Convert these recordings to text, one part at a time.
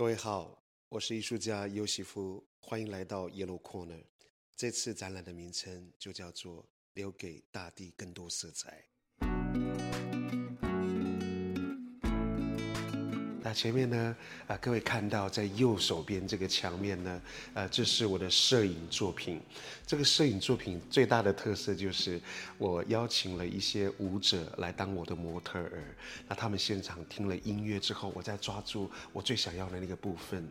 各位好，我是藝術家優席夫，歡迎來到 YellowKorner。這次展覽的名稱就叫做《留給大地更多色彩》。那前面呢？啊、呃，各位看到在右手邊這個牆面呢，呃，這是我的攝影作品。這個攝影作品最大的特色就是，我邀請了一些舞者來當我的模特兒。那他們現場聽了音樂之後，我再抓住我最想要的那個部分。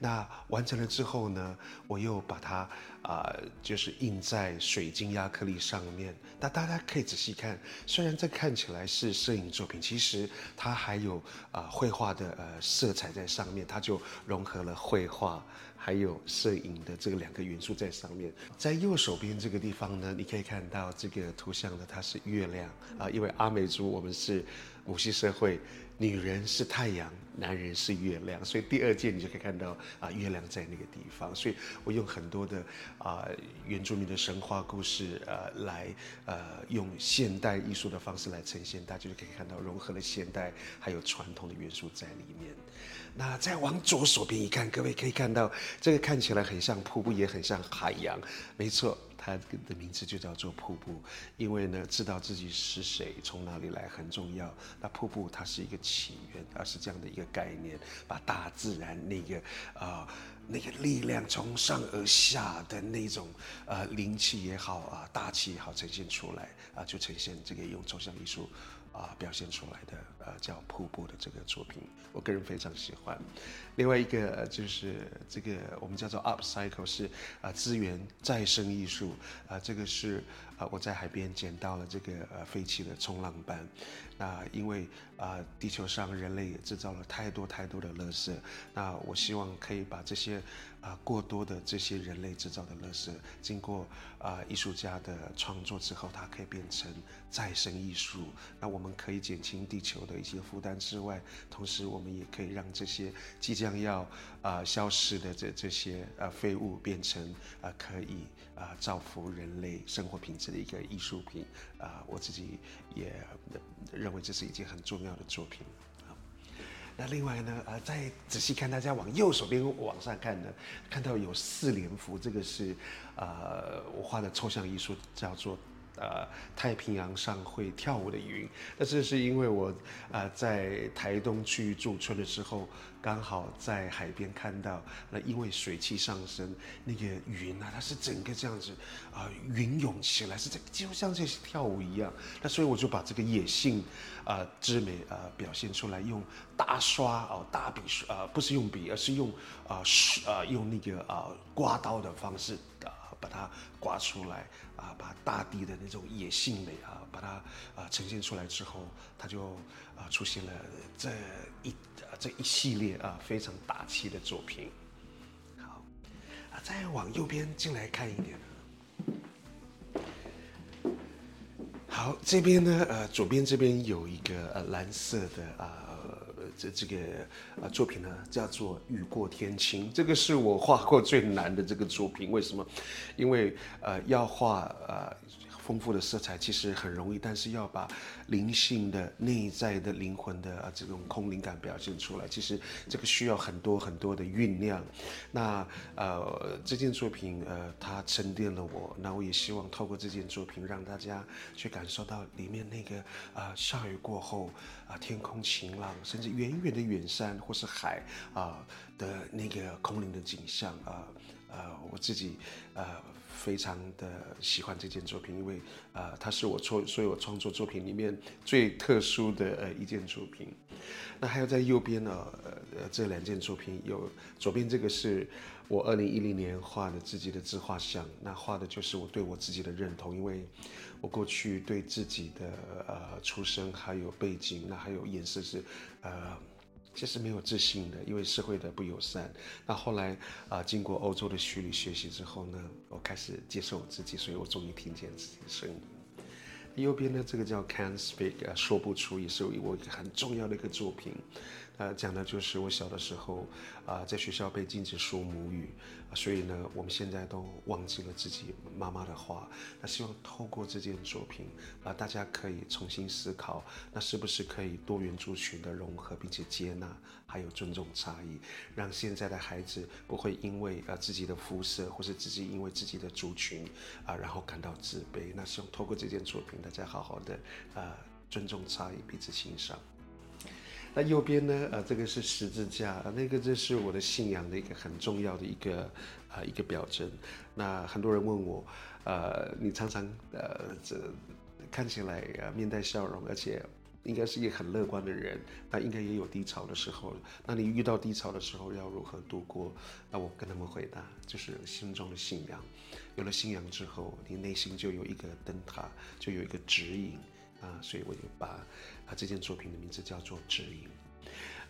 那完成了之後呢，我又把它啊、呃，就是印在水晶壓克力上面。那大家可以仔細看，雖然這看起來是攝影作品，其實它還有啊、呃、繪畫的。呃，色彩在上面，它就融合了繪畫還有攝影的這個兩個元素在上面。在右手邊這個地方呢，你可以看到這個圖像呢，它是月亮啊，因為阿美族我們是，母系社會，女人是太陽，男人是月亮，所以第二件你就可以看到啊、呃，月亮在那個地方。所以我用很多的啊、呃、原住民的神話故事，呃，來呃用現代藝術的方式來呈現，大家就可以看到融合了現代還有傳統的元素在裡面。那再往左手邊一看，各位可以看到這個看起來很像瀑布，也很像海洋，沒錯。它的名字就叫做瀑布，因為呢，知道自己是誰，從哪裡來很重要。那瀑布，它是一個起源，它是這樣的一個概念，把大自然那個啊。呃那個力量從上而下的那種，呃，靈氣也好啊，呃，大氣也好，呈現出來啊，呃，就呈現這個用抽象藝術，啊，呃，表現出來的呃，叫瀑布的這個作品，我個人非常喜歡。另外一個，呃、就是這個我們叫做 upcycle 是啊，呃，資源再生藝術啊，這個是。啊，我在海邊撿到了這個呃廢棄的衝浪板，那因為啊，地球上人類也制造了太多太多的垃圾，那我希望可以把這些。啊，過多的這些人類制造的垃圾，經過啊藝術家的創作之後，它可以變成再生藝術。那我們可以減輕地球的一些負擔之外，同時我們也可以讓這些即將要啊消失的這這些啊廢物變成啊可以啊造福人類生活品質的一個藝術品。啊，我自己也認認為這是一件很重要的作品。那另外呢，呃，再仔細看，大家往右手邊往上看呢，看到有四連幅，這個是，呃，我畫的抽象藝術，叫做，呃，太平洋上會跳舞的雲，那這是因為我，呃，在台東去住駐村的時候，剛好在海邊看到，那、呃、因為水汽上升，那個雲啊，它是整個這樣子，啊、呃，雲湧起來，是這，就像像是跳舞一樣。那所以我就把這個野性，啊、呃，之美啊、呃，表現出來，用大刷哦、呃，大筆刷，啊、呃，不是用筆，而是用啊，啊、呃呃，用那個啊、呃，刮刀的方式啊。呃把它刮出來啊，把大地的那種野性美啊，把它啊、呃、呈現出來之後，它就啊、呃、出現了這一啊這一系列啊非常大氣的作品。好，啊再往右邊進來看一點。好，這邊呢，呃，左邊這邊有一個呃藍色的啊。呃這這個呃作品呢叫做《雨過天晴》，這個是我畫過最難的這個作品。為什麼？因為呃要畫呃。豐富的色彩其實很容易，但是要把靈性的、內在的靈魂的啊這種空靈感表現出來，其實這個需要很多很多的醞釀。那呃這件作品呃它沉澱了我，那我也希望透過這件作品讓大家去感受到裡面那個啊、呃、下雨過後啊、呃、天空晴朗，甚至遠遠的遠山或是海啊。呃的那個空靈的景象啊、呃呃，我自己呃非常的喜歡這件作品，因為呃，它是我所有我創作作品裡面最特殊的呃一件作品。那還有在右邊呢、呃呃，這兩件作品，有左邊這個是我二零一零年畫的自己的自畫像，那畫的就是我對我自己的認同，因為我過去對自己的呃出生還有背景，那還有顏色是呃。其實沒有自信的，因為社會的不友善。那後來啊、呃，經過歐洲的洗禮學習之後呢，我開始接受我自己，所以我終於聽見自己的聲音。右邊呢，這個叫 Can't Speak，說不出，也是我一個很重要的一個作品。呃，講的就是我小的時候，啊、呃，在學校被禁止說母語、呃，所以呢，我們現在都忘記了自己媽媽的話。那、呃、希望透過這件作品，啊、呃，大家可以重新思考，那是不是可以多元族群的融合，並且接納，還有尊重差異，讓現在的孩子不會因為啊、呃、自己的膚色，或是自己因為自己的族群，啊、呃，然後感到自卑。那、呃、希望透過這件作品，大家好好的啊、呃，尊重差異，彼此欣賞。那右邊呢？呃，這個是十字架，呃、那個就是我的信仰的一個很重要的一個呃一個表徵。那很多人問我，呃，你常常呃這看起來啊、呃、面帶笑容，而且應該是一個很樂觀的人，那應該也有低潮的時候。那你遇到低潮的時候要如何度過？那我跟他們回答，就是心中的信仰。有了信仰之後，你內心就有一個燈塔，就有一個指引。啊，所以我就把他這件作品的名字叫做《指引》。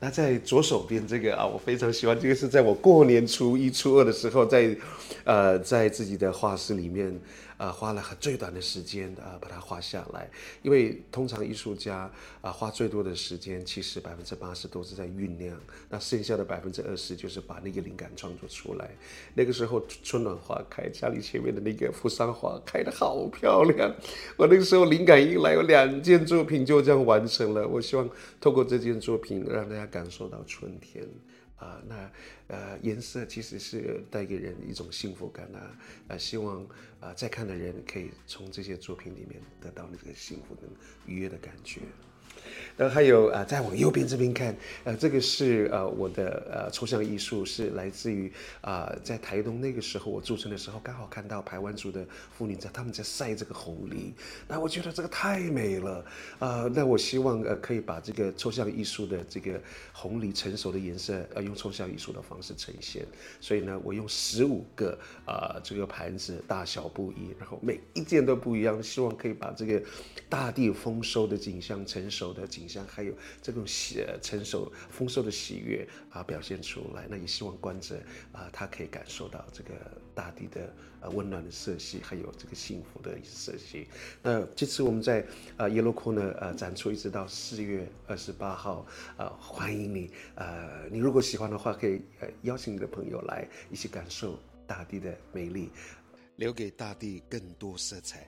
那在左手邊這個啊，我非常喜歡，這個是在我過年初一初二的時候，在，呃，在自己的畫室裡面。啊、呃，花了很最短的時間啊、呃，把它畫下來。因為通常藝術家啊、呃，花最多的時間其實百分之八十都是在醞釀，那剩下的百分之二十就是把那個靈感創作出來。那個時候春暖花開，家裡前面的那個扶桑花開得好漂亮。我那個時候靈感一來，我兩件作品就這樣完成了。我希望透過這件作品讓大家感受到春天。啊、呃，那，呃，顏色其實是帶給人一種幸福感吶、啊，啊、呃，希望，啊、呃、在看的人可以從這些作品裡面得到那個幸福跟愉悅的感覺。然後還有啊、呃，再往右邊這邊看，呃，這個是呃我的呃抽象藝術是來自於啊、呃，在台東那個時候我駐村的時候，剛好看到排灣族的婦女在她們在曬這個紅藜，那我覺得這個太美了，啊、呃，那我希望呃可以把這個抽象藝術的這個紅藜成熟的顏色，呃用抽象藝術的方式呈現，所以呢，我用十五個啊這個盤子大小不一，然後每一件都不一樣，希望可以把這個大地豐收的景象呈。熟的景象，還有這種喜呃，成熟豐收的喜悅啊、呃，表現出來。那也希望觀者啊，他、呃、可以感受到這個大地的呃溫暖的色系，還有這個幸福的色系。那這次我們在呃 YellowKorner 呃展出，一直到四月二十八號啊、呃，歡迎你呃，你如果喜歡的話，可以、呃、邀請你的朋友來一起感受大地的美麗，留給大地更多色彩。